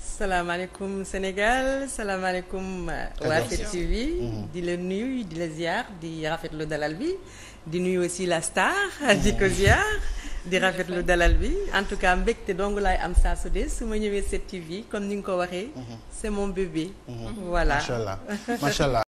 salaamaaleykum Sénégal salaamaaleykum. Euh, waa 7TV mhm. di le nuyu di la ziar di rafetlu dalal bi di nuyu aussi la star. Mhm. di ko ziar di rafetlu dalal bi en tout cas mbégte dong laay am saa su dee su ma ñëwee 7TV comme ni nga ko waxee. Mhm. c'est mon bébé. voilà macha allah